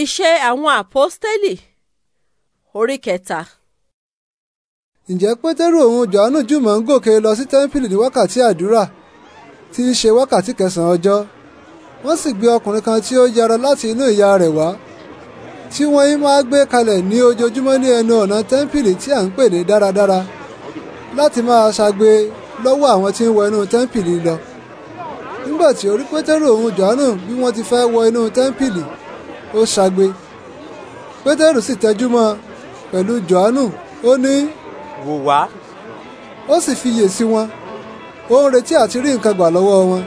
Iṣẹ́ àwọn àpọ́stẹ́lì orí kẹta. Ǹjẹ́ Pétérù òun Jòhánù jùmọ̀ ń gòkè lọ sí tẹ́ḿpìlì ní wákàtí àdúrà tí í ṣe wákàtí kẹsàn-án ọjọ́ wọ́n sì gbé ọkùnrin kan tí ó yára láti inú ìyá rẹ̀ wá tí wọ́n yín máa gbé kalẹ̀ ní ojoojúmọ́ ní ẹnu ọ̀nà tẹ́ḿpìlì tí à ń pè ní dáradára láti máa ṣagbe lọ́wọ́ àwọn tí ń wọ inú tẹ́ḿpìlì lọ nígbà tí ó Pétérù òun Jòhánù bí wọ́n ti fẹ́ wọ inú tẹ́ḿpìlì ó ṣagbe pétérù sì tẹjú mọ́ pẹ̀lú jòhánù ó ní. wò wá. ó sì fiyè sí wọn ó ń retí àti rí nǹkan gbà lọ́wọ́ wọn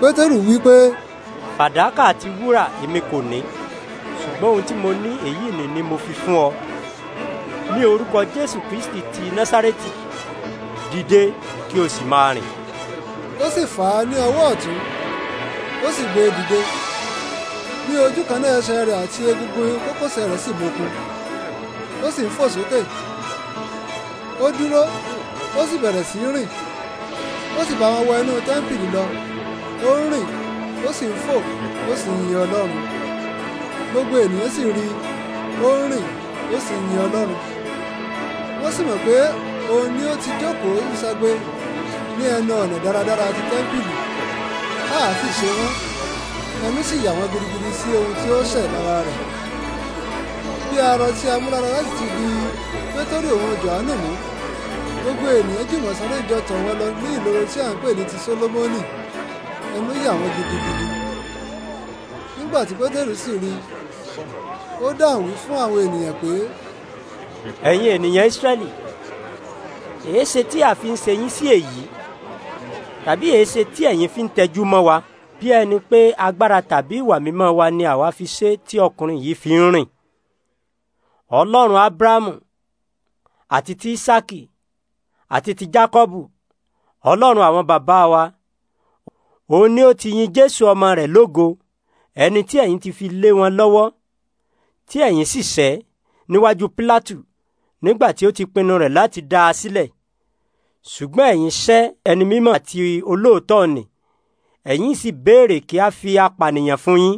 pétérù wí pé. fàdákà àti wúrà èmi kò ní ṣùgbọ́n ohun tí mo ní èyí ni ni mo fi fún ọ ní orúkọ jésù kristi ti násárẹ́tì dìde kí o sì máa rìn. ó sì fà á ní ọwọ́ ọ̀tún ó sì gbé e dìde ní ojú kan náà ẹsẹ̀ rẹ̀ àti egungun kókósẹ̀ rẹ̀ sì bùkún ó sì ń fò sókè ó dúró ó sì bẹ̀rẹ̀ sí rìn ó sì bá wọn wọ inú tẹ́ḿpìlì lọ ó ń rìn ó sì ń fò ó sì ń yin ọlọ́run gbogbo ènìyàn sì rí ó ń rìn ó sì ń yin ọlọ́run wọ́n sì mọ̀ pé òun ni ó ti jókòó ìṣàgbé ní ẹnu ọ̀nà dáradára ti tẹ́ḿpìlì láàfin ṣe wọ́n ẹnu sì yà wọ́n gidigidi sí ohun tí ó ṣẹ̀ lára rẹ̀ bí arọ tí a mú lára láti ti di pétérì òun jòhánù mú gbogbo ènìyàn jùmọ̀ sáré ìjọ tọ̀ wọ́n lọ ní ìloro tí à ń pè ní ti sólómọ́nì ẹnu yà wọ́n gidigidi nígbà tí pétérì sì rí ó dáhùn wí fún àwọn ènìyàn pé. ẹ̀yin ènìyàn ìsírẹ́lì èéṣe tí a fi ń ṣe yín sí èyí tàbí èéṣe tí ẹ̀yin fi ń tẹjú mọ́ wa bí ẹni pé agbára tàbí ìwà mímọ́ wa ni àwa fi ṣe tí ọkùnrin yìí fi ń rìn ọlọ́run abrahamu àti ti isaki àti ti jacobu ọlọ́run àwọn bàbá wa òun ni ó ti yin jésù ọmọ rẹ̀ lógo ẹni tí ẹ̀yin ti fi lé wọn lọ́wọ́ tí ẹ̀yin sì sẹ́ níwájú pílátù nígbà tí ó ti pinnu rẹ̀ láti dá a sílẹ̀ ṣùgbọ́n ẹ̀yin sẹ́ ẹni mímọ́ àti olóòótọ́ ni ẹ̀yin sì béèrè kí a fi apànìyàn fún yín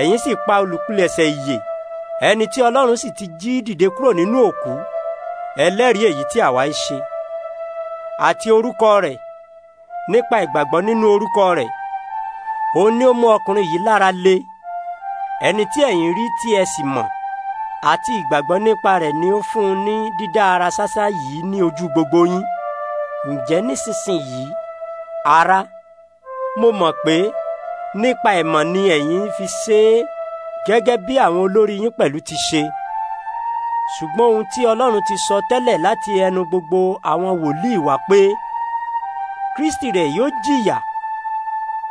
ẹ̀yin sì pa olùpilẹ̀ṣẹ̀ ìyè ẹni tí ọlọ́run sì ti jí dìde kúrò nínú òkú ẹlẹ́rìí èyí tí àwa ń ṣe àti orúkọ rẹ̀ nípa ìgbàgbọ́ nínú orúkọ rẹ̀ òun ni ó mú ọkùnrin yìí lára le ẹni tí ẹ̀yin rí tí ẹ sì mọ̀ àti ìgbàgbọ́ nípa rẹ̀ ni ó fún un ní dídá ara ṣáṣá yìí ní ojú gbogbo yín ǹjẹ́ nísinsìnyí ará mo mọ̀ pé nípa ìmọ̀ ni ẹ̀yin fi ṣe é gẹ́gẹ́ bí àwọn olórí yín pẹ̀lú ti ṣe ṣùgbọ́n ohun tí ọlọ́run ti sọ tẹ́lẹ̀ láti ẹnu gbogbo àwọn wòlíì wá pé kristi rẹ̀ yóò jìyà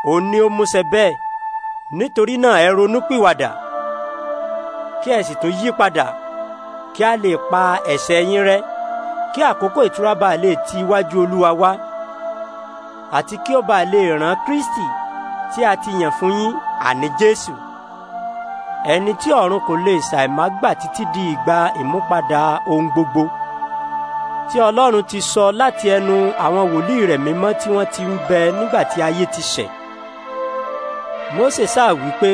òun ni ó múṣẹ bẹ́ẹ̀ nítorí náà ẹ ronú pìwàdà kí ẹ sì tún yí padà kí a lè pa ẹ̀ṣẹ̀ yín rẹ́ kí àkókò ìtura bá lè ti iwájú olúwa wá àti kí ó bá lè rán Kristi tí a ti yàn fún yín àní Jésù ẹni tí ọ̀run kò lè ṣàìmá gbà títí di ìgbà ìmúpadà ohun gbogbo tí Ọlọ́run ti sọ láti ẹnu àwọn wòlíì rẹ̀ mímọ́ tí wọ́n ti ń bẹ nígbà tí ayé ti ṣẹ̀ Mósè sáà wípé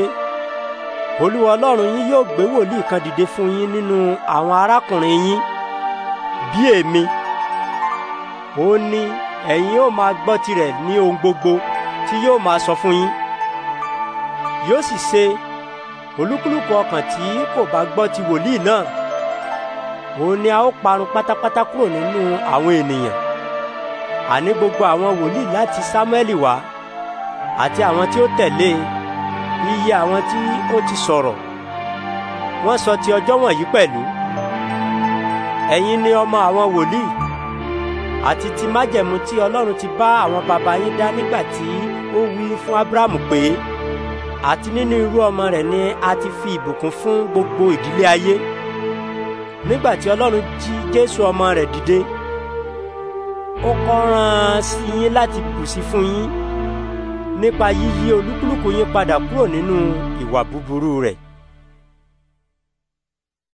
Olúwa Ọlọ́run yín yóò gbé wòlíì kan dìde fún yín nínú àwọn arákùnrin yín bí èmi ó ní ẹ̀yin ó máa gbọ́ tirẹ̀ ní ohun gbogbo tí yóò máa sọ fún yín yóò sì ṣe olúkúlùkù ọkàn tí kò bá gbọ́ ti wòlíì náà òun ni a ó parun pátápátá kúrò nínú àwọn ènìyàn àní gbogbo àwọn wòlíì láti Sámúẹ́lì wá àti àwọn tí ó tẹ̀lé iye àwọn tí ó ti sọ̀rọ̀ wọ́n sọ ti ọjọ́ wọ̀nyí pẹ̀lú ẹ̀yin ni ọmọ àwọn wòlíì àti ti májẹ̀mú tí ọlọ́run ti bá àwọn baba yín dá nígbà tí ó wí fún abrahamu pé àti nínú irú ọmọ rẹ̀ ni a ti fi ìbùkún fún gbogbo ìdílé ayé nígbà tí ọlọ́run jí jésù ọmọ rẹ̀ dìde ó kọ́ rán sí yín láti bùsí fún yín nípa yíyí olúkúlùkù yín padà kúrò nínú ìwà búburú rẹ̀.